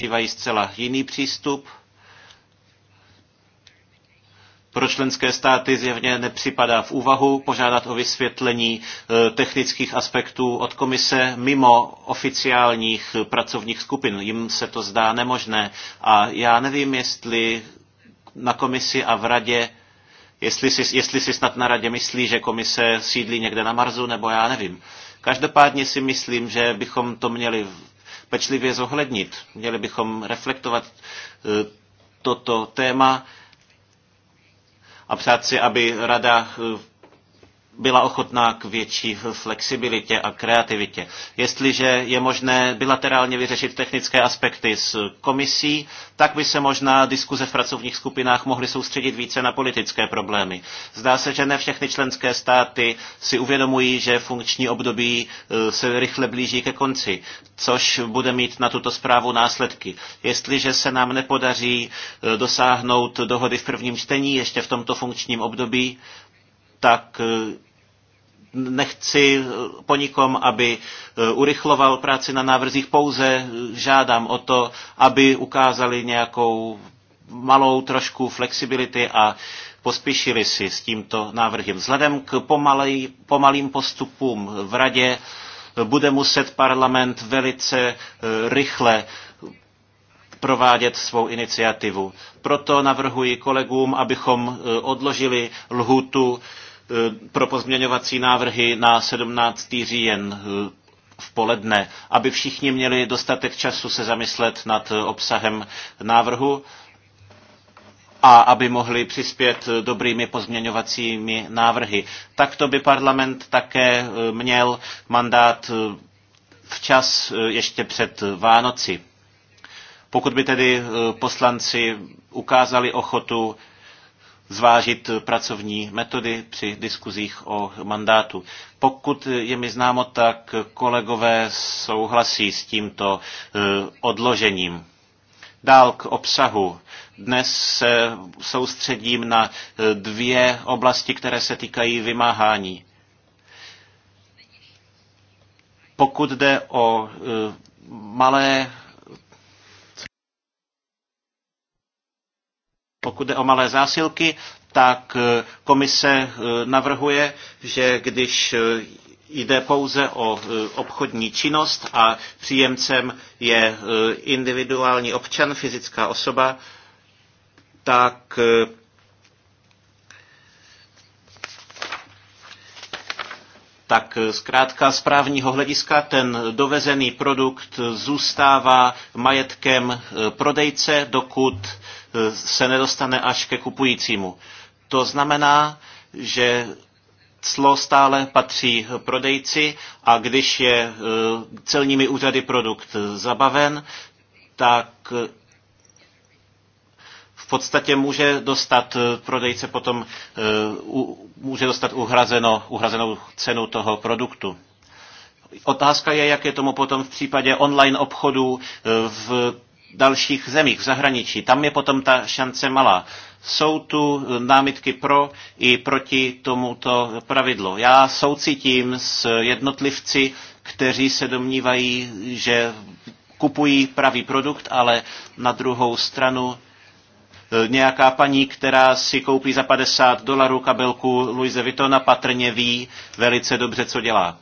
používají zcela jiný přístup. Pro členské státy zjevně nepřipadá v úvahu požádat o vysvětlení e, technických aspektů od komise mimo oficiálních pracovních skupin. Jim se to zdá nemožné a já nevím, jestli na komisi a v radě, jestli si, jestli si snad na radě myslí, že komise sídlí někde na marzu, nebo já nevím. Každopádně si myslím, že bychom to měli pečlivě zohlednit. Měli bychom reflektovat eh, toto téma a přát si, aby rada eh, byla ochotná k větší flexibilitě a kreativitě. Jestliže je možné bilaterálně vyřešit technické aspekty s komisí, tak by se možná diskuze v pracovních skupinách mohly soustředit více na politické problémy. Zdá se, že ne všechny členské státy si uvědomují, že funkční období e, se rychle blíží ke konci, což bude mít na tuto zprávu následky. Jestliže se nám nepodaří e, dosáhnout dohody v prvním čtení ještě v tomto funkčním období, tak e, nechci eh, po nikom, aby eh, urychloval práci na návrzích, pouze eh, žádám o to, aby ukázali nějakou malou trošku flexibility a pospíšili si s tímto návrhem. Vzhledem k pomalej, pomalým postupům v radě bude muset parlament velice rychle provádět svou iniciativu. Proto navrhuji kolegům, abychom odložili lhutu Eh, pro pozměňovací návrhy na 17. říjen eh, v poledne, aby všichni měli dostatek času se zamyslet nad eh, obsahem návrhu a aby mohli přispět dobrými pozměňovacími návrhy. Takto by parlament také měl mandát včas ještě před Vánoci. Pokud by tedy poslanci ukázali ochotu zvážit pracovní metody při diskuzích o mandátu. Pokud je mi známo, tak kolegové souhlasí s tímto eh, odložením. Dál k obsahu. Dnes se soustředím na eh, dvě oblasti, které se týkají vymáhání. Pokud jde o eh, malé pokud jde o malé zásilky, tak eh, komise eh, navrhuje, že když eh, jde pouze o obchodní činnost a příjemcem je individuální občan, fyzická osoba, tak tak zkrátka z právního hlediska ten dovezený produkt zůstává majetkem prodejce, dokud Eh, se nedostane až ke kupujícímu. To znamená, že clo stále patří prodejci a když je eh, celními úřady produkt zabaven, tak eh, v podstatě může dostat prodejce potom může dostat uhrazeno, uhrazenou cenu toho produktu. Otázka je, jak je tomu potom v případě online obchodů v dalších zemích v zahraničí. Tam je potom ta šance malá. Jsou tu eh, námitky pro i proti tomuto pravidlu. Já soucitím s jednotlivci, kteří se domnívají, že kupují pravý produkt, ale na druhou stranu eh, nějaká paní, která si koupí za 50 dolarů kabelku Louise Vuittona, patrně ví velice dobře, co dělá.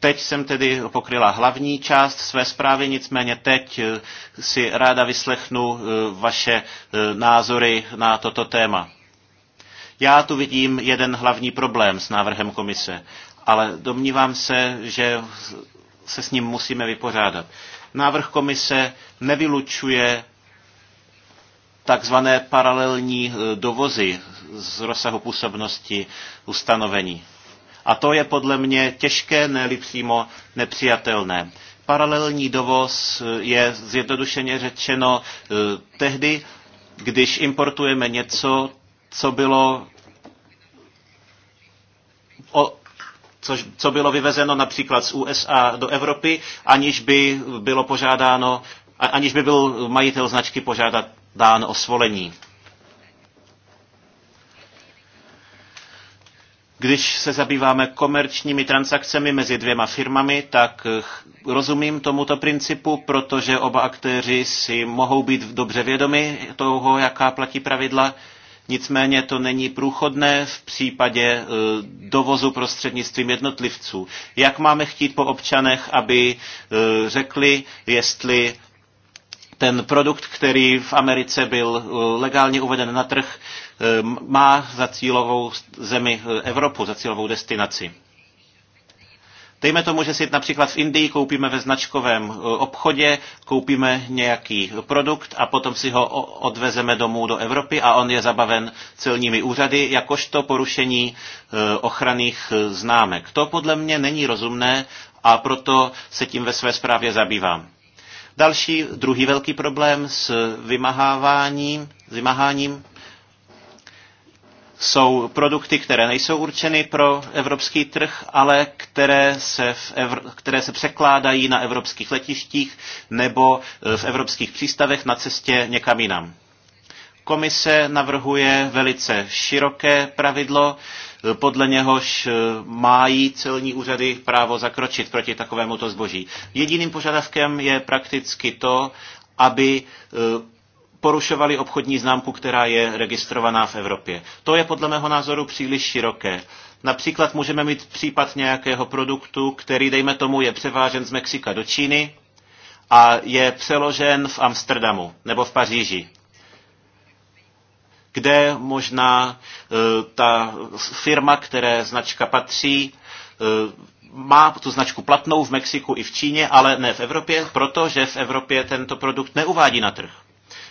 Teď jsem tedy pokryla hlavní část své zprávy, nicméně teď eh, si ráda vyslechnu eh, vaše eh, názory na toto téma. Já tu vidím jeden hlavní problém s návrhem komise, ale domnívám se, že se s ním musíme vypořádat. Návrh komise nevylučuje takzvané paralelní dovozy z rozsahu působnosti ustanovení. A to je podle mě těžké, ne přímo nepřijatelné. Paralelní dovoz eh, je zjednodušeně řečeno eh, tehdy, když importujeme něco, co bylo o, co, co bylo vyvezeno například z USA do Evropy, aniž by bylo požádáno, aniž by byl majitel značky požádat dán o svolení. Když se zabýváme komerčními transakcemi mezi dvěma firmami, tak rozumím tomuto principu, protože oba aktéři si mohou být dobře vědomi toho, jaká platí pravidla. Nicméně to není průchodné v případě e, dovozu prostřednictvím jednotlivců. Jak máme chtít po občanech, aby e, řekli, jestli ten produkt, který v Americe byl e, legálně uveden na trh, Ehm, má za cílovou zemi eh, Evropu, za cílovou destinaci. Dejme tomu, že si například v Indii koupíme ve značkovém eh, obchodě, koupíme nějaký produkt a potom si ho odvezeme domů do Evropy a on je zabaven celními úřady jakožto porušení eh, ochranných známek. To podle mě není rozumné a proto se tím ve své zprávě zabývám. Další, druhý velký problém s vymaháváním, s vymaháním jsou produkty, které nejsou určeny pro evropský trh, ale které se, v Evr- které se překládají na evropských letištích nebo e, v evropských přístavech na cestě někam jinam. Komise navrhuje velice široké pravidlo, e, podle něhož e, mají celní úřady právo zakročit proti takovémuto zboží. Jediným požadavkem je prakticky to, aby porušovali obchodní známku, která je registrovaná v Evropě. To je podle mého názoru příliš široké. Například můžeme mít případ nějakého produktu, který, dejme tomu, je převážen z Mexika do Číny a je přeložen v Amsterdamu nebo v Paříži kde možná e, ta firma, které značka patří, e, má tu značku platnou v Mexiku i v Číně, ale ne v Evropě, protože v Evropě tento produkt neuvádí na trh.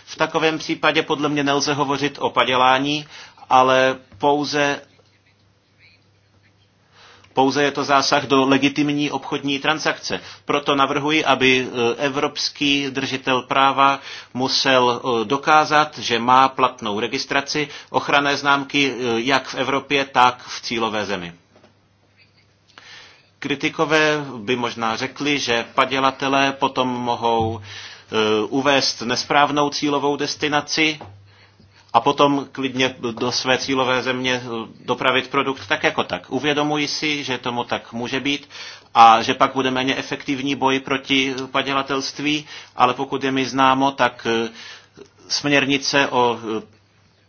V takovém případě podle mě nelze hovořit o padělání, ale pouze pouze je to zásah do legitimní obchodní transakce. Proto navrhuji, aby e, evropský držitel práva musel e, dokázat, že má platnou registraci ochranné známky e, jak v Evropě, tak v cílové zemi. Kritikové by možná řekli, že padělatelé potom mohou Eh, uvést nesprávnou cílovou destinaci a potom klidně do své cílové země eh, dopravit produkt tak jako tak. Uvědomuji si, že tomu tak může být a že pak bude méně efektivní boj proti eh, padělatelství, ale pokud je mi známo, tak směrnice o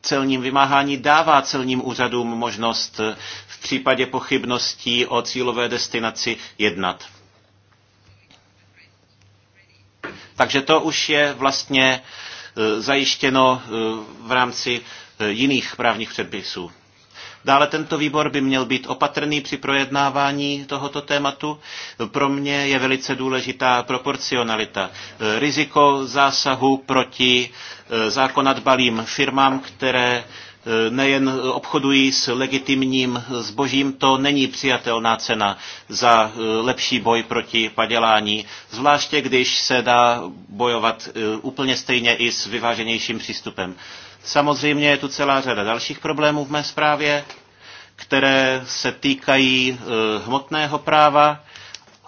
celním vymáhání dává celním úřadům možnost v případě pochybností o cílové destinaci jednat. Takže to už je vlastně e, zajištěno e, v rámci e, jiných právních předpisů. Dále tento výbor by měl být opatrný při projednávání tohoto tématu. Pro mě je velice důležitá proporcionalita. Riziko zásahu proti zákonat balým firmám, které nejen obchodují s legitimním zbožím, to není přijatelná cena za eh, lepší boj proti padělání, zvláště když se dá bojovat eh, úplně stejně i s vyváženějším přístupem. Samozřejmě je tu celá řada dalších problémů v mé zprávě, které se týkají eh, hmotného práva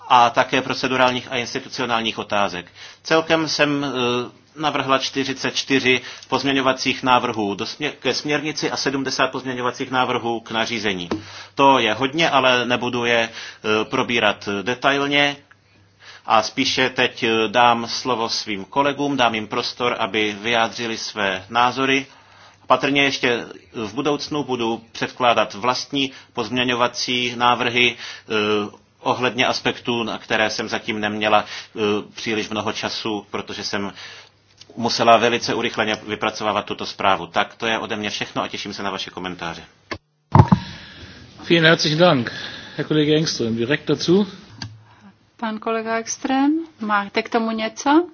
a také procedurálních a institucionálních otázek. Celkem jsem navrhla 44 pozměňovacích návrhů do směr, ke směrnici a 70 pozměňovacích návrhů k nařízení. To je hodně, ale nebudu je e, probírat detailně a spíše teď e, dám slovo svým kolegům, dám jim prostor, aby vyjádřili své názory. Patrně ještě v budoucnu budu předkládat vlastní pozměňovací návrhy e, ohledně aspektů, na které jsem zatím neměla příliš mnoho času, protože jsem musela velice urychleně vypracovávat tuto zprávu. Tak to je ode mě všechno a těším se na vaše komentáře. Vielen herzlichen Dank, Herr Kollege Engström. Direkt dazu. Pan kolega Ekström, máte k tomu něco?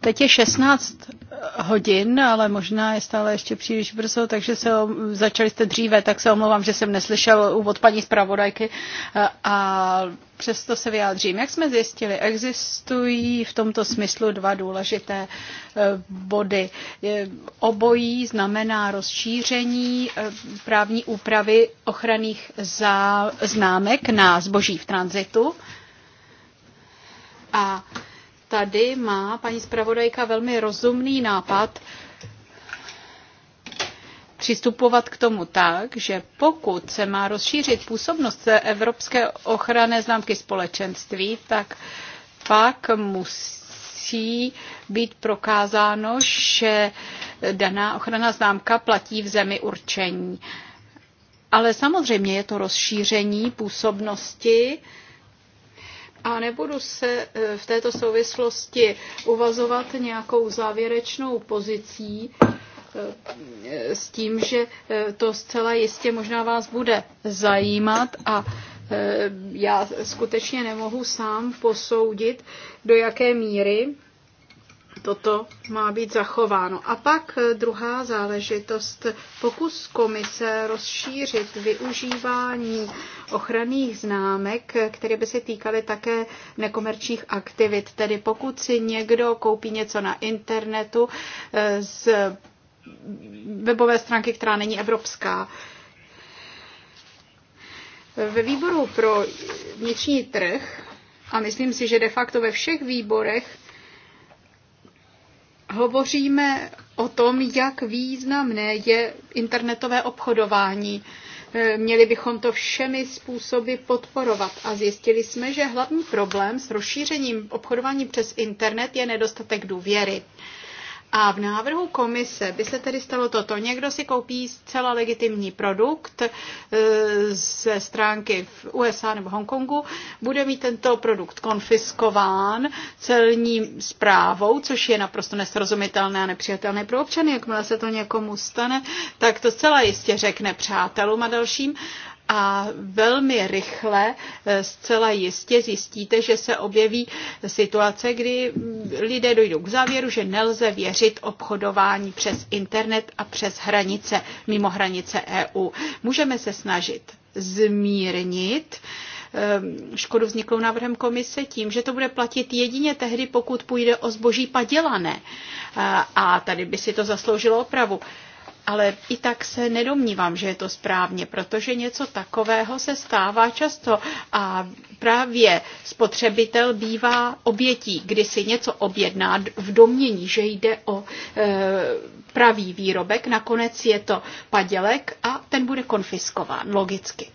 Teď je 16 eh, hodin, ale možná je stále ještě příliš brzo, takže se začali jste dříve, tak se omlouvám, že jsem neslyšel úvod paní zpravodajky eh, a přesto se vyjádřím. Jak jsme zjistili, existují v tomto smyslu dva důležité eh, body. Obojí znamená rozšíření právní úpravy ochranných známek na zboží v tranzitu a tady má paní zpravodajka velmi rozumný nápad přistupovat k tomu tak, že pokud se má rozšířit působnost Evropské ochranné známky společenství, tak pak musí být prokázáno, že daná ochranná známka platí v zemi určení. Ale samozřejmě je to rozšíření působnosti a nebudu se e, v této souvislosti uvazovat nějakou závěrečnou pozicí e, s tím, že e, to zcela jistě možná vás bude zajímat a já skutečně nemohu sám posoudit, do jaké míry toto má být zachováno. A pak eh, druhá záležitost, pokus komise rozšířit využívání ochranných známek, eh, které by se týkaly také nekomerčních aktivit. Tedy pokud si někdo koupí něco na internetu eh, z webové stránky, která není evropská, ve výboru pro vnitřní trh a myslím si, že de facto ve všech výborech hovoříme o tom, jak významné je internetové obchodování. Eh, měli bychom to všemi způsoby podporovat a zjistili jsme, že hlavní problém s rozšířením obchodování přes internet je nedostatek důvěry. A v návrhu komise by se tedy stalo toto. Někdo si koupí zcela legitimní produkt e, ze stránky v USA nebo Hongkongu, bude mít tento produkt konfiskován celní zprávou, což je naprosto nesrozumitelné a nepřijatelné pro občany. Jakmile se to někomu stane, tak to zcela jistě řekne přátelům a dalším a velmi rychle eh, zcela jistě zjistíte, že se objeví situace, kdy lidé dojdou k závěru, že nelze věřit obchodování přes internet a přes hranice, mimo hranice EU. Můžeme se snažit zmírnit eh, škodu vzniklou návrhem komise tím, že to bude platit jedině tehdy, pokud půjde o zboží padělané. Eh, a tady by si to zasloužilo opravu ale i tak se nedomnívám, že je to správně, protože něco takového se stává často a právě spotřebitel bývá obětí, kdy si něco objedná v domění, že jde o e, pravý výrobek, nakonec je to padělek a ten bude konfiskován logicky. E,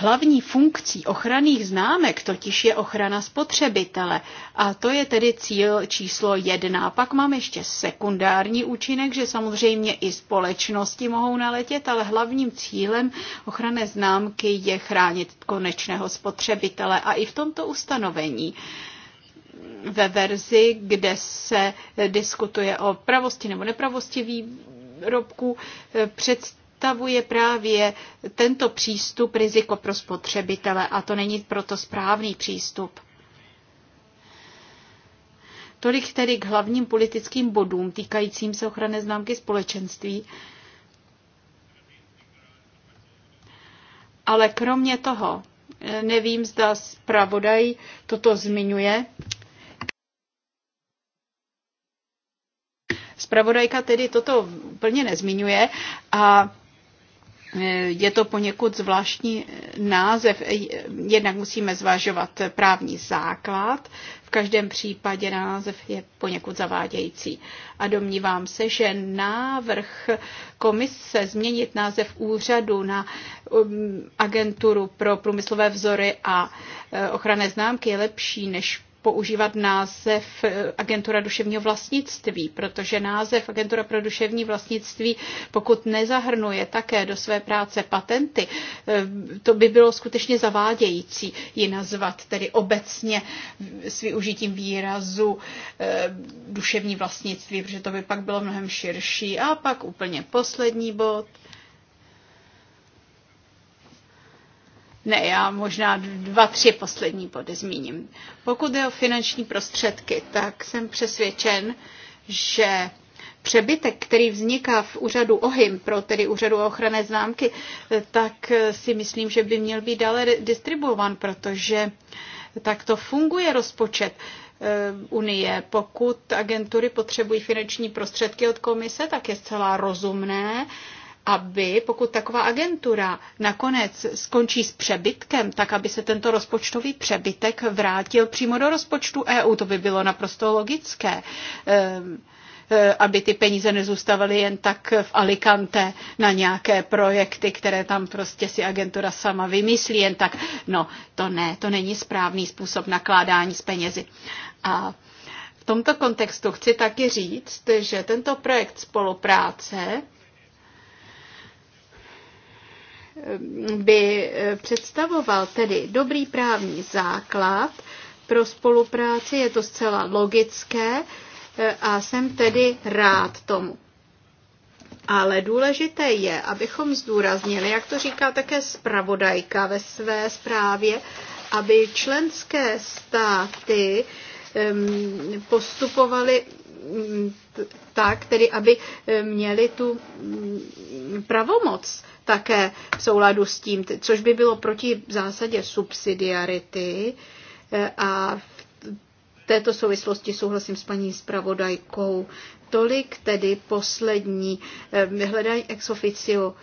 Hlavní funkcí ochranných známek totiž je ochrana spotřebitele a to je tedy cíl číslo jedna. Pak mám ještě sekundární účinek, že samozřejmě i společnosti mohou naletět, ale hlavním cílem ochranné známky je chránit konečného spotřebitele a i v tomto ustanovení ve verzi, kde se diskutuje o pravosti nebo nepravosti výrobku, eh, před představuje právě tento přístup riziko pro spotřebitele a to není proto správný přístup. Tolik tedy k hlavním politickým bodům týkajícím se ochrany známky společenství. Ale kromě toho, eh, nevím, zda zpravodaj toto zmiňuje. Spravodajka tedy toto plně nezmiňuje a Eh, je to poněkud zvláštní eh, název. Eh, jednak musíme zvažovat právní základ. V každém případě název je poněkud zavádějící. A domnívám se, že návrh komise změnit název úřadu na um, agenturu pro průmyslové vzory a ochranné známky je lepší než používat název eh, Agentura duševního vlastnictví, protože název Agentura pro duševní vlastnictví, pokud nezahrnuje také do své práce patenty, eh, to by bylo skutečně zavádějící ji nazvat tedy obecně s využitím výrazu eh, duševní vlastnictví, protože to by pak bylo mnohem širší. A pak úplně poslední bod – Ne, já možná dva, tři poslední body zmíním. Pokud je o finanční prostředky, tak jsem přesvědčen, že přebytek, který vzniká v úřadu OHIM, pro tedy úřadu ochranné známky, tak si myslím, že by měl být dále distribuovan, protože tak to funguje rozpočet eh, unie. Pokud agentury potřebují finanční prostředky od komise, tak je zcela rozumné, aby pokud taková agentura nakonec skončí s přebytkem, tak aby se tento rozpočtový přebytek vrátil přímo do rozpočtu EU. To by bylo naprosto logické eh, eh, aby ty peníze nezůstavaly jen tak v Alicante na nějaké projekty, které tam prostě si agentura sama vymyslí jen tak. No, to ne, to není správný způsob nakládání s penězi. A v tomto kontextu chci taky říct, že tento projekt spolupráce by eh, představoval tedy dobrý právní základ pro spolupráci, je to zcela logické eh, a jsem tedy rád tomu. Ale důležité je, abychom zdůraznili, jak to říká také zpravodajka ve své zprávě, aby členské státy postupovaly tak, tedy aby eh, měli tu mm, pravomoc také v souladu s tím, což by bylo proti zásadě subsidiarity eh, a v této souvislosti souhlasím s paní zpravodajkou. Tolik tedy poslední eh, hledání ex officio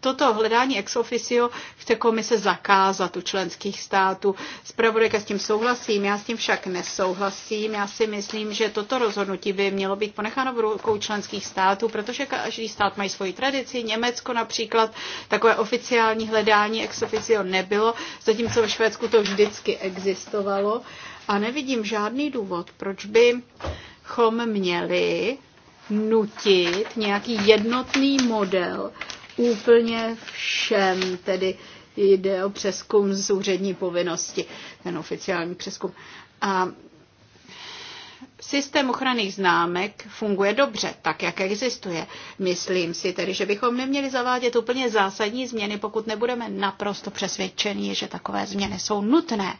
toto hledání ex officio chce komise zakázat u členských států. Spravodajka s tím souhlasím, já s tím však nesouhlasím. Já si myslím, že toto rozhodnutí by mělo být ponecháno v rukou členských států, protože každý stát mají svoji tradici. Německo například takové oficiální hledání ex officio nebylo, zatímco ve Švédsku to vždycky existovalo. A nevidím žádný důvod, proč bychom měli nutit nějaký jednotný model úplně všem, tedy jde o přeskum z úřední povinnosti, ten oficiální přeskum. A Systém ochranných známek funguje dobře, tak jak existuje. Myslím si tedy, že bychom neměli zavádět úplně zásadní změny, pokud nebudeme naprosto přesvědčeni, že takové změny jsou nutné. Uh,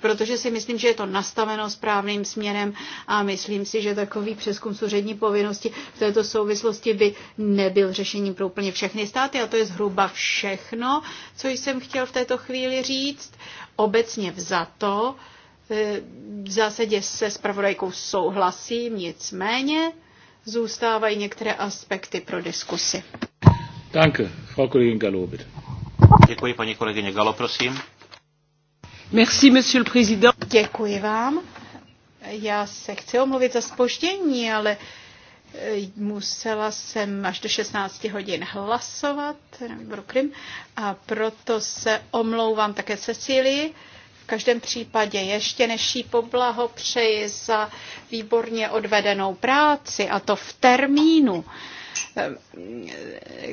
protože si myslím, že je to nastaveno správným směrem a myslím si, že takový přeskum souřední povinnosti v této souvislosti by nebyl řešením pro úplně všechny státy a to je zhruba všechno, co jsem chtěl v této chvíli říct. Obecně vzato, eh, v zásadě se spravodajkou souhlasím, nicméně zůstávají některé aspekty pro diskusy. Danke, Frau Kollegin Gallo, Děkuji, paní kolegyně Galo, prosím monsieur le président. Děkuji vám. Já se chci omluvit za spoždění, ale eh, musela jsem až do 16 hodin hlasovat na Krym a proto se omlouvám také Cecílii. V každém případě ještě než jí poblahopřeji za výborně odvedenou práci a to v termínu. Eh,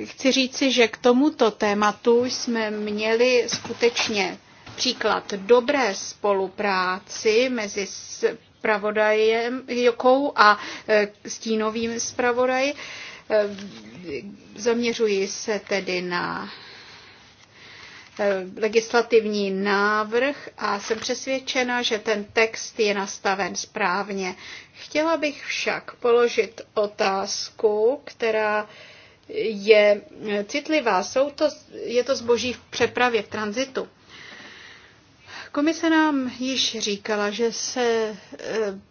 chci říci, že k tomuto tématu jsme měli skutečně příklad dobré spolupráci mezi spravodajem Jokou a e, stínovým spravodaji. E, zaměřuji se tedy na e, legislativní návrh a jsem přesvědčena, že ten text je nastaven správně. Chtěla bych však položit otázku, která je citlivá. Jsou to, je to zboží v přepravě, v tranzitu. Komise nám již říkala, že se e,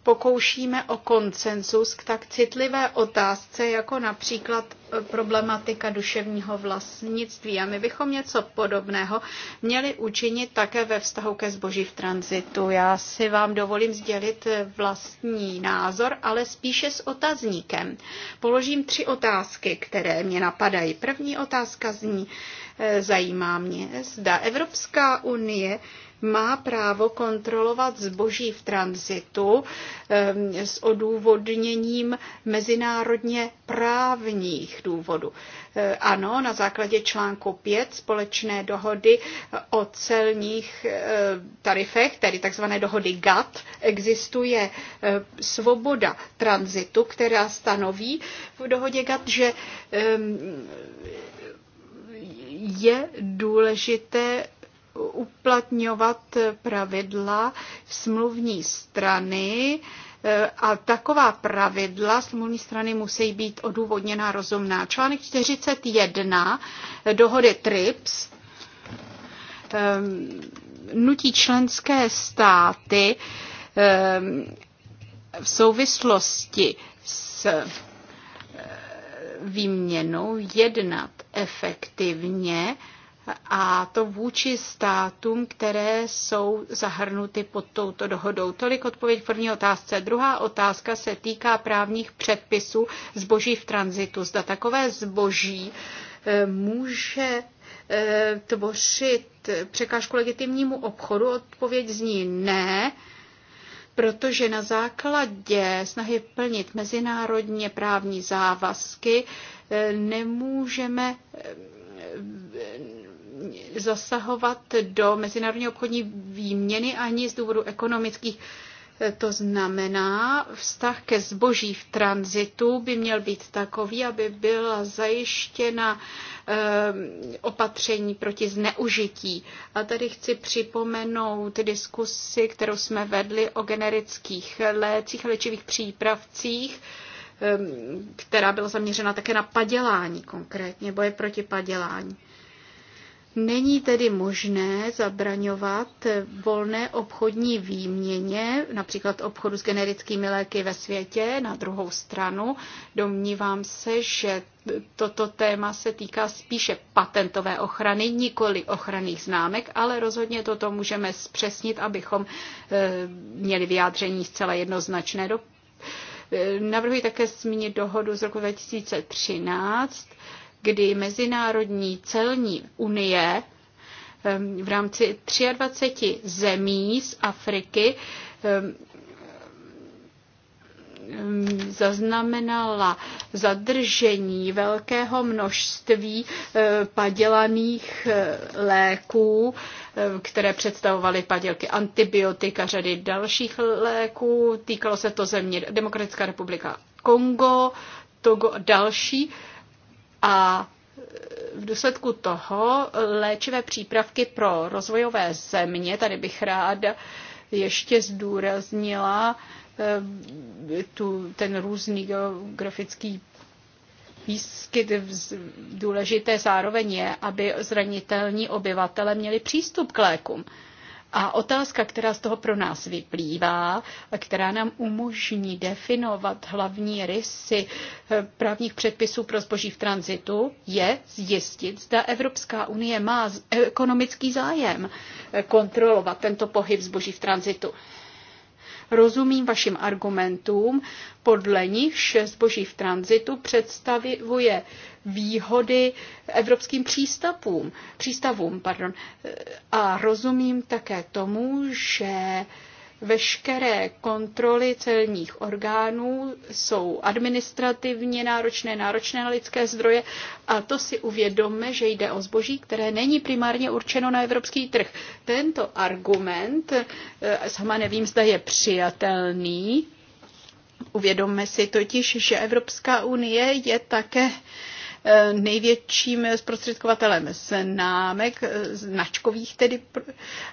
pokoušíme o konsenzus k tak citlivé otázce, jako například e, problematika duševního vlastnictví. A my bychom něco podobného měli učinit také ve vztahu ke zboží v tranzitu. Já si vám dovolím sdělit e, vlastní názor, ale spíše s otazníkem. Položím tři otázky, které mě napadají. První otázka zní, zajímá mě, zda Evropská unie má právo kontrolovat zboží v tranzitu s odůvodněním mezinárodně právních důvodů. Eh, ano, na základě článku 5 společné dohody o celních eh, tarifech, tedy takzvané dohody GATT, existuje eh, svoboda tranzitu, která stanoví v dohodě GATT, že je důležité uplatňovat pravidla smluvní strany eh, a taková pravidla smluvní strany musí být odůvodněná rozumná. Článek 41 dohody TRIPS ehm, nutí členské státy ehm, v souvislosti s eh, výměnou jednat efektivně a to vůči státům, které jsou zahrnuty pod touto dohodou. Tolik odpověď v první otázce. Druhá otázka se týká právních předpisů zboží v tranzitu. Zda takové zboží eh, může eh, tvořit překážku legitimnímu obchodu? Odpověď zní ne protože na základě snahy plnit mezinárodně právní závazky eh, nemůžeme zasahovat do mezinárodní obchodní výměny ani z důvodu ekonomických. To znamená, vztah ke zboží v tranzitu by měl být takový, aby byla zajištěna eh, opatření proti zneužití. A tady chci připomenout diskusi, kterou jsme vedli o generických lécích, léčivých přípravcích, eh, která byla zaměřena také na padělání konkrétně, boje proti padělání. Není tedy možné zabraňovat volné obchodní výměně, například obchodu s generickými léky ve světě. Na druhou stranu domnívám se, že toto téma se týká spíše patentové ochrany, nikoli ochranných známek, ale rozhodně toto můžeme zpřesnit, abychom e, měli vyjádření zcela jednoznačné. E, navrhuji také zmínit dohodu z roku 2013 kdy Mezinárodní celní unie v rámci 23 zemí z Afriky zaznamenala zadržení velkého množství eh, padělaných eh, léků, eh, které představovaly padělky antibiotika, řady dalších léků. Týkalo se to země Demokratická republika Kongo, Togo a další. A v důsledku toho léčivé přípravky pro rozvojové země, tady bych ráda ještě zdůraznila eh, tu, ten různý geografický výskyt důležité zároveň je, aby zranitelní obyvatele měli přístup k lékům. A otázka, která z toho pro nás vyplývá a která nám umožní definovat hlavní rysy eh, právních předpisů pro zboží v tranzitu, je zjistit, zda Evropská unie má ekonomický zájem eh, kontrolovat tento pohyb zboží v tranzitu. Rozumím vašim argumentům, podle nichž zboží v tranzitu představuje výhody evropským přístavům, přístavům pardon. a rozumím také tomu, že Veškeré kontroly celních orgánů jsou administrativně náročné, náročné na lidské zdroje a to si uvědomme, že jde o zboží, které není primárně určeno na evropský trh. Tento argument, eh, sama nevím, zda je přijatelný, Uvědomme si totiž, že Evropská unie je také Eh, největším zprostředkovatelem známek, eh, značkových tedy.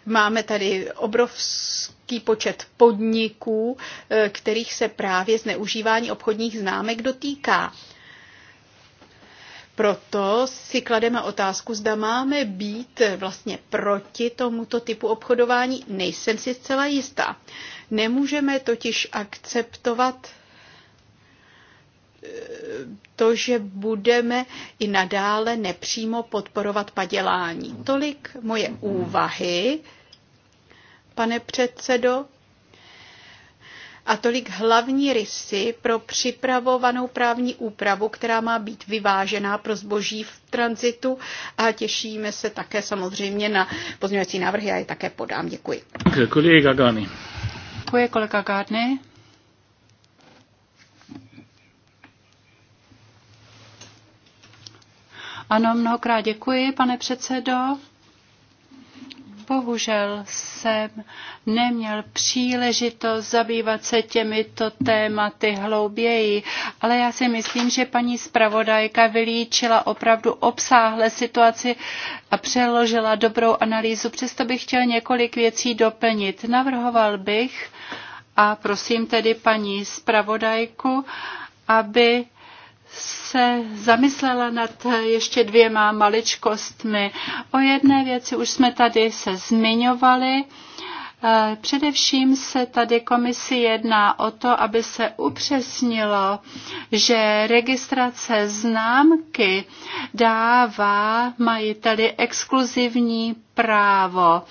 Máme tady obrovský počet podniků, eh, kterých se právě zneužívání obchodních známek dotýká. Proto si klademe otázku, zda máme být vlastně proti tomuto typu obchodování. Nejsem si zcela jistá. Nemůžeme totiž akceptovat to, že budeme i nadále nepřímo podporovat padělání. Tolik moje úvahy, pane předsedo, a tolik hlavní rysy pro připravovanou právní úpravu, která má být vyvážená pro zboží v tranzitu a těšíme se také samozřejmě na pozměňovací návrhy a je také podám. Děkuji. Kolega Gány. Děkuji, kolega Gárny. Ano, mnohokrát děkuji, pane předsedo. Bohužel jsem neměl příležitost zabývat se těmito tématy hlouběji, ale já si myslím, že paní zpravodajka vylíčila opravdu obsáhle situaci a přeložila dobrou analýzu. Přesto bych chtěl několik věcí doplnit. Navrhoval bych a prosím tedy paní zpravodajku, aby se zamyslela nad ještě dvěma maličkostmi. O jedné věci už jsme tady se zmiňovali Eh, především se tady komisi jedná o to, aby se upřesnilo, že registrace známky dává majiteli exkluzivní právo,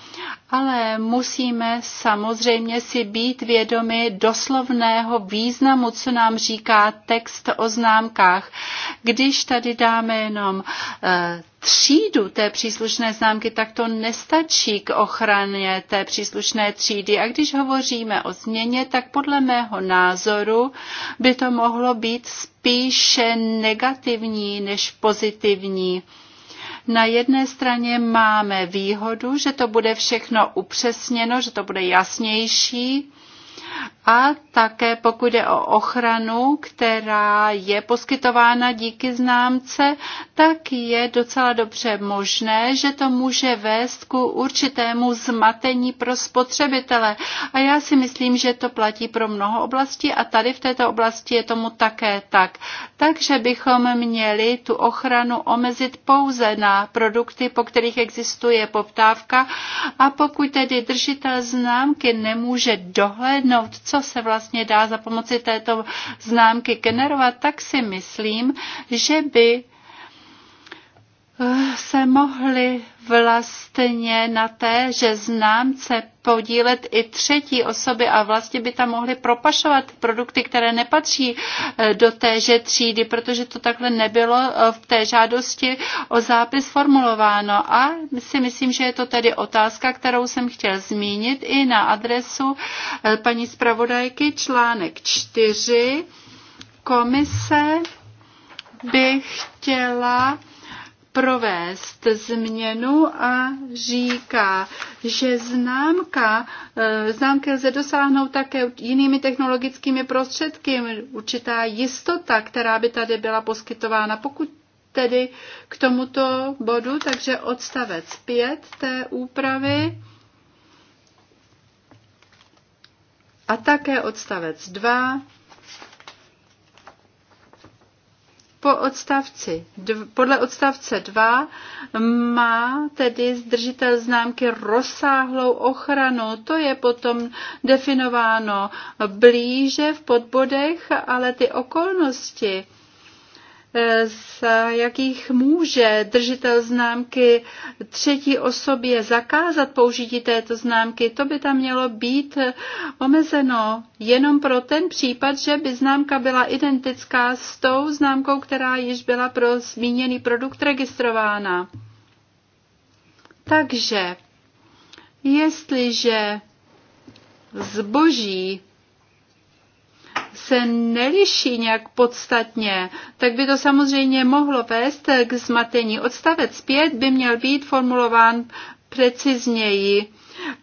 ale musíme samozřejmě si být vědomi doslovného významu, co nám říká text o známkách. Když tady dáme jenom eh, třídu té příslušné známky, tak to nestačí k ochraně té příslušné třídy. A když hovoříme o změně, tak podle mého názoru by to mohlo být spíše negativní než pozitivní. Na jedné straně máme výhodu, že to bude všechno upřesněno, že to bude jasnější, a také pokud je o ochranu, která je poskytována díky známce, tak je docela dobře možné, že to může vést ku určitému zmatení pro spotřebitele. A já si myslím, že to platí pro mnoho oblastí a tady v této oblasti je tomu také tak. Takže bychom měli tu ochranu omezit pouze na produkty, po kterých existuje poptávka a pokud tedy držitel známky nemůže dohlédnout, vyvinout, co se vlastně dá za pomoci této známky generovat, tak si myslím, že by se mohli vlastně na té, že známce podílet i třetí osoby a vlastně by tam mohly propašovat produkty, které nepatří eh, do téže třídy, protože to takhle nebylo eh, v té žádosti o zápis formulováno. A si myslím, že je to tedy otázka, kterou jsem chtěl zmínit i na adresu eh, paní zpravodajky článek 4. Komise by chtěla provést změnu a říká, že známka, e, známky lze dosáhnout také jinými technologickými prostředky, určitá jistota, která by tady byla poskytována, pokud tedy k tomuto bodu, takže odstavec 5 té úpravy a také odstavec 2 po odstavci, podle odstavce 2 má tedy zdržitel známky rozsáhlou ochranu. To je potom definováno blíže v podbodech, ale ty okolnosti, Eh, za jakých může držitel známky třetí osobě zakázat použití této známky, to by tam mělo být eh, omezeno jenom pro ten případ, že by známka byla identická s tou známkou, která již byla pro zmíněný produkt registrována. Takže, jestliže zboží se neliší nějak podstatně, tak by to samozřejmě mohlo vést k zmatení. Odstavec 5 by měl být formulován precizněji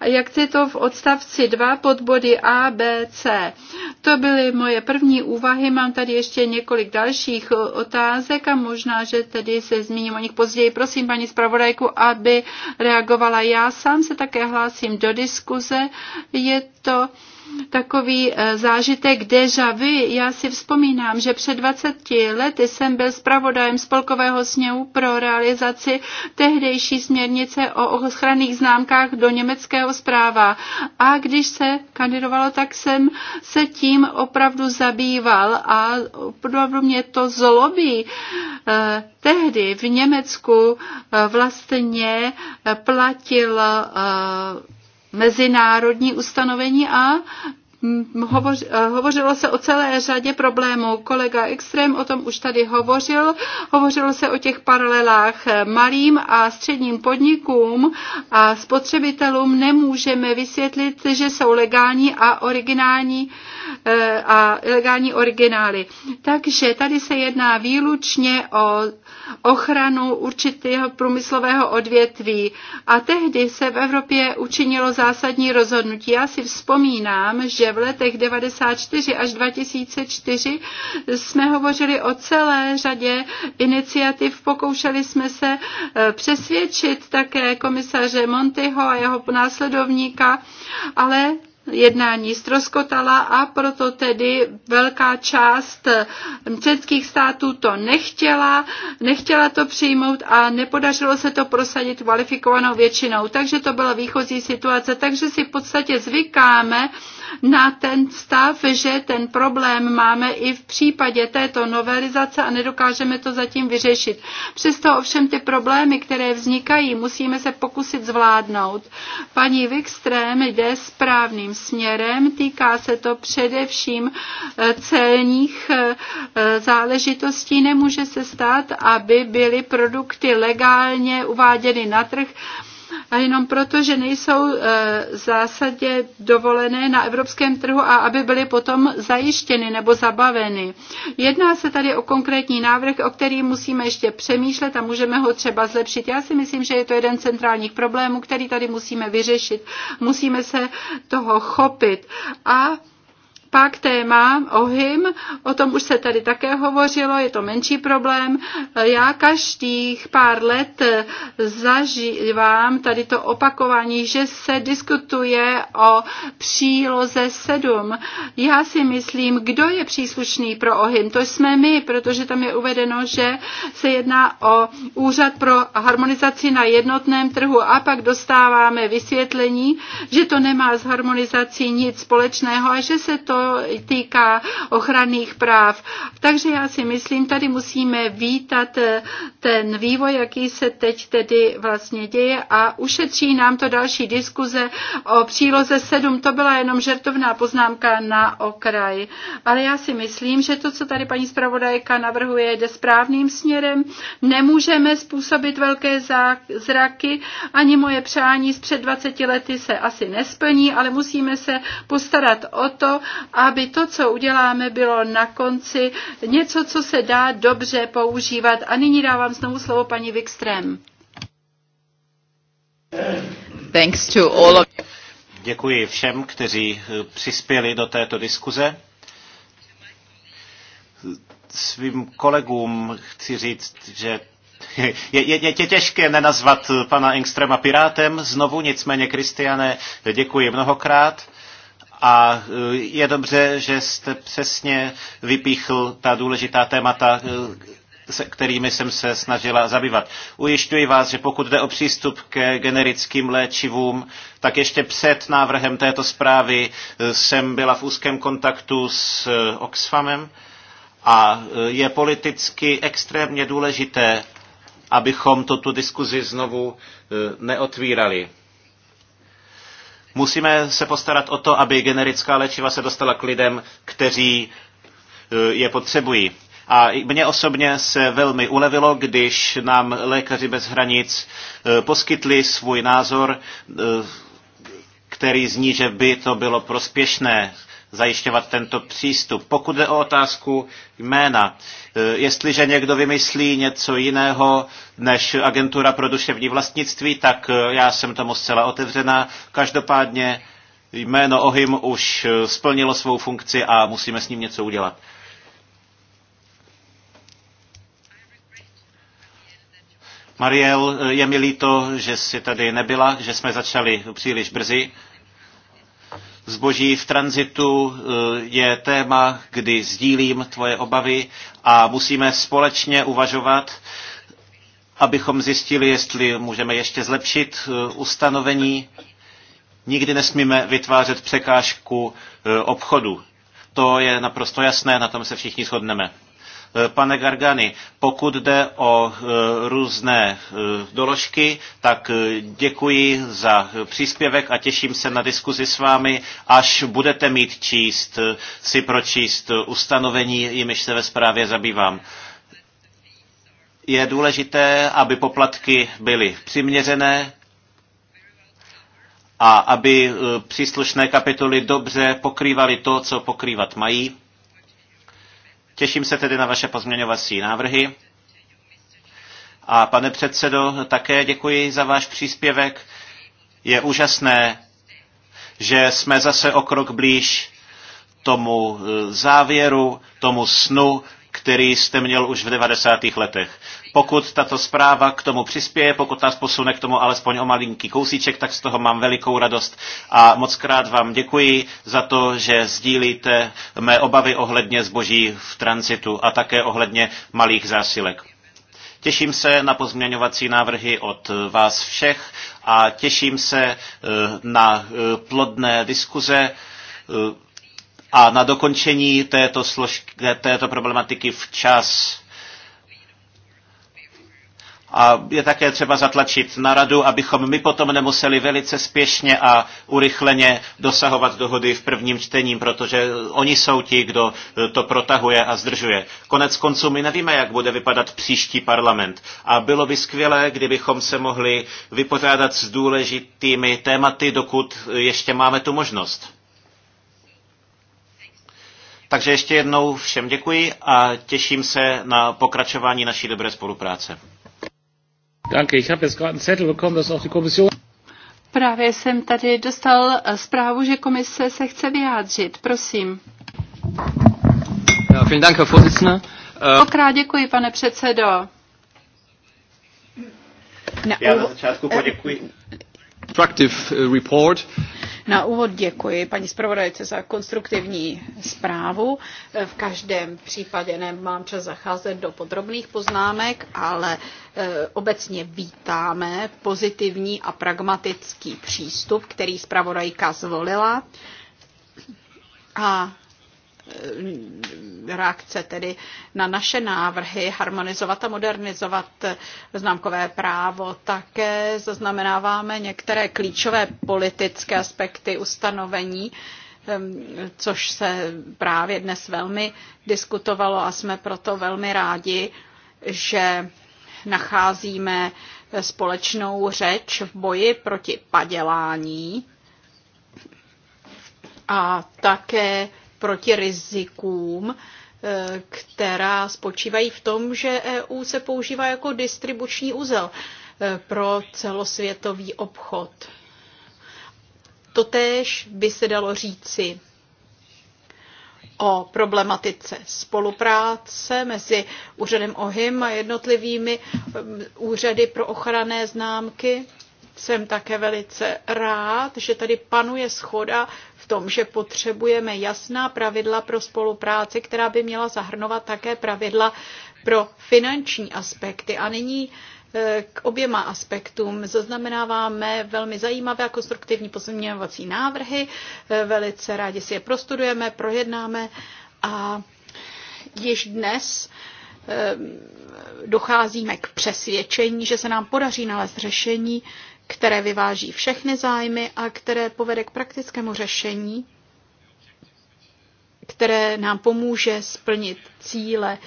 jak je to v odstavci 2 pod body A, B, C. To byly moje první úvahy, mám tady ještě několik dalších otázek a možná, že tedy se zmíním o nich později. Prosím paní zpravodajku, aby reagovala. Já sám se také hlásím do diskuze. Je to takový eh, zážitek deja vu. Já si vzpomínám, že před 20 lety jsem byl zpravodajem spolkového sněhu pro realizaci tehdejší směrnice o ochranných známkách do německého zpráva. A když se kandidovalo, tak jsem se tím opravdu zabýval a opravdu mě to zlobí. Eh, tehdy v Německu eh, vlastně platil mezinárodní ustanovení a Hovoř, eh, hovořilo se o celé řadě problémů. Kolega Extrém o tom už tady hovořil. Hovořilo se o těch paralelách malým a středním podnikům a spotřebitelům nemůžeme vysvětlit, že jsou legální a originální eh, a legální originály. Takže tady se jedná výlučně o ochranu určitého průmyslového odvětví. A tehdy se v Evropě učinilo zásadní rozhodnutí. Já si vzpomínám, že že v letech 94 až 2004 jsme hovořili o celé řadě iniciativ, pokoušeli jsme se eh, přesvědčit také komisaře Montyho a jeho následovníka, ale jednání stroskotala a proto tedy velká část eh, českých států to nechtěla, nechtěla to přijmout a nepodařilo se to prosadit kvalifikovanou většinou. Takže to byla výchozí situace. Takže si v podstatě zvykáme, na ten stav, že ten problém máme i v případě této novelizace a nedokážeme to zatím vyřešit. Přesto ovšem ty problémy, které vznikají, musíme se pokusit zvládnout. Paní Wikström jde správným směrem, týká se to především eh, celních eh, eh, záležitostí. Nemůže se stát, aby byly produkty legálně uváděny na trh, a jenom proto, že nejsou eh, v zásadě dovolené na evropském trhu a aby byly potom zajištěny nebo zabaveny. Jedná se tady o konkrétní návrh, o který musíme ještě přemýšlet a můžeme ho třeba zlepšit. Já si myslím, že je to jeden centrálních problémů, který tady musíme vyřešit. Musíme se toho chopit. A pak téma OHIM, o tom už se tady také hovořilo, je to menší problém. Já každých pár let zažívám tady to opakování, že se diskutuje o příloze 7. Já si myslím, kdo je příslušný pro OHIM, to jsme my, protože tam je uvedeno, že se jedná o úřad pro harmonizaci na jednotném trhu a pak dostáváme vysvětlení, že to nemá s harmonizací nic společného a že se to týká ochranných práv. Takže já si myslím, tady musíme vítat eh, ten vývoj, jaký se teď tedy vlastně děje a ušetří nám to další diskuze o příloze 7. To byla jenom žertovná poznámka na okraj. Ale já si myslím, že to, co tady paní zpravodajka navrhuje, jde správným směrem. Nemůžeme způsobit velké zraky, ani moje přání z před 20 lety se asi nesplní, ale musíme se postarat o to, aby to, co uděláme, bylo na konci něco, co se dá dobře používat. A nyní dávám znovu slovo paní Wikström. Thanks to all of... Děkuji všem, kteří eh, přispěli do této diskuze. Svým kolegům chci říct, že je, je, je tě těžké nenazvat pana Engstrema pirátem znovu, nicméně Kristiane, děkuji mnohokrát. A eh, je dobře, že jste přesně vypíchl ta důležitá témata, eh, se kterými jsem se snažila zabývat. Ujišťuji vás, že pokud jde o přístup ke generickým léčivům, tak ještě před návrhem této zprávy eh, jsem byla v úzkém kontaktu s Oxfamem a je politicky extrémně důležité, abychom tuto diskuzi znovu neotvírali Musíme se postarat o to, aby generická léčiva se dostala k lidem, kteří eh, je potřebují. A mně osobně se velmi ulevilo, když nám lékaři bez hranic eh, poskytli svůj názor, eh, který zní, že by to bylo prospěšné zajišťovat tento přístup. Pokud jde o otázku jména, e, jestliže někdo vymyslí něco jiného než agentura pro duševní vlastnictví, tak e, já jsem tomu zcela otevřená. Každopádně jméno OHIM už e, splnilo svou funkci a musíme s ním něco udělat. Mariel, je mi líto, že jsi tady nebyla, že jsme začali příliš brzy zboží v tranzitu eh, je téma, kdy sdílím tvoje obavy a musíme společně uvažovat, abychom zjistili, jestli můžeme ještě zlepšit eh, ustanovení. Nikdy nesmíme vytvářet překážku eh, obchodu. To je naprosto jasné, na tom se všichni shodneme. Eh, pane Gargani, pokud jde o eh, různé eh, doložky, tak děkuji za příspěvek a těším se na diskuzi s vámi, až budete mít číst, si pročíst ustanovení, jimiž se ve zprávě zabývám je důležité, aby poplatky byly přiměřené a aby příslušné kapitoly dobře pokrývaly to, co pokrývat mají. Těším se tedy na vaše pozměňovací návrhy. A pane předsedo, také děkuji za váš příspěvek. Je úžasné, že jsme zase o krok blíž tomu e, závěru, tomu snu, který jste měl už v 90. letech. Pokud tato zpráva k tomu přispěje, pokud nás posune k tomu alespoň o malinký kousíček, tak z toho mám velikou radost a moc krát vám děkuji za to, že sdílíte mé obavy ohledně zboží v transitu a také ohledně malých zásilek. Těším se na pozměňovací návrhy od vás všech a těším se eh, na eh, plodné diskuze eh, a na dokončení této, složky, této problematiky včas. A je také třeba zatlačit na radu, abychom my potom nemuseli velice spěšně a urychleně dosahovat dohody v prvním čtení, protože oni jsou ti, kdo to protahuje a zdržuje. Konec konců my nevíme, jak bude vypadat příští parlament. A bylo by skvělé, kdybychom se mohli vypořádat s důležitými tématy, dokud ještě máme tu možnost. Takže ještě jednou všem děkuji a těším se na pokračování naší dobré spolupráce. Danke, ich habe jetzt gerade einen Zettel bekommen, dass auch die Kommission Právě jsem tady dostal eh, zprávu, že komise se chce vyjádřit. Prosím. Ja, vielen Dank, Herr Vorsitzender. Äh, Pokrát děkuji, pane předsedo. Já na začátku poděkuji. Eh, report. Na úvod děkuji paní zpravodajce za konstruktivní zprávu. V každém případě nemám čas zacházet do podrobných poznámek, ale eh, obecně vítáme pozitivní a pragmatický přístup, který zpravodajka zvolila. A Eh, reakce tedy na naše návrhy harmonizovat a modernizovat známkové právo. Také zaznamenáváme některé klíčové politické aspekty ustanovení, což se právě dnes velmi diskutovalo a jsme proto velmi rádi, že nacházíme společnou řeč v boji proti padělání a také proti rizikům, eh, která spočívají v tom, že EU se používá jako distribuční uzel eh, pro celosvětový obchod. Totéž by se dalo říci o problematice spolupráce mezi úřadem OHIM a jednotlivými eh, úřady pro ochranné známky jsem také velice rád, že tady panuje schoda v tom, že potřebujeme jasná pravidla pro spolupráci, která by měla zahrnovat také pravidla pro finanční aspekty. A nyní eh, k oběma aspektům. Zaznamenáváme velmi zajímavé a konstruktivní pozměňovací návrhy. Eh, velice rádi si je prostudujeme, projednáme a již dnes eh, docházíme k přesvědčení, že se nám podaří nalézt řešení, které vyváží všechny zájmy a které povede k praktickému řešení, které nám pomůže splnit cíle,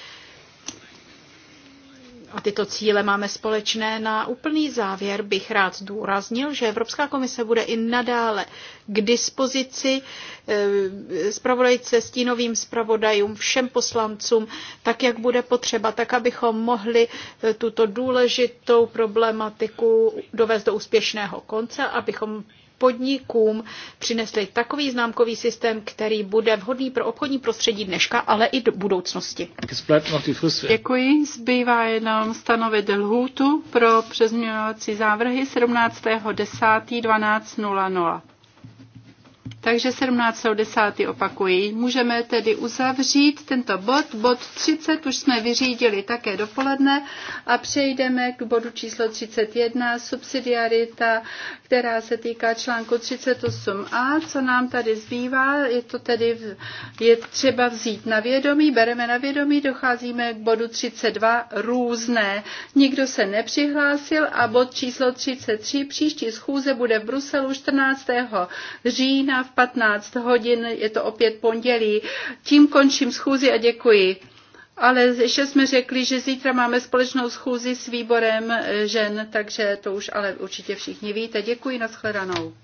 a tyto cíle máme společné. Na úplný závěr bych rád zdůraznil, že Evropská komise bude i nadále k dispozici eh, zpravodajce, stínovým zpravodajům, všem poslancům, tak jak bude potřeba, tak abychom mohli eh, tuto důležitou problematiku dovést do úspěšného konce, abychom podnikům přinesli takový známkový systém, který bude vhodný pro obchodní prostředí dneška, ale i do budoucnosti. Děkuji. Zbývá jenom stanovit lhůtu pro přezměňovací závrhy 17.10.12.00. Takže 17. 10. opakuji. Můžeme tedy uzavřít tento bod. Bod 30 už jsme vyřídili také dopoledne a přejdeme k bodu číslo 31, subsidiarita, která se týká článku 38a. Co nám tady zbývá, je to tedy je třeba vzít na vědomí, bereme na vědomí, docházíme k bodu 32 různé. Nikdo se nepřihlásil a bod číslo 33 příští schůze bude v Bruselu 14. října v 15 hodin, je to opět pondělí. Tím končím schůzi a děkuji. Ale ještě jsme řekli, že zítra máme společnou schůzi s výborem eh, žen, takže to už ale určitě všichni víte. Děkuji, nashledanou.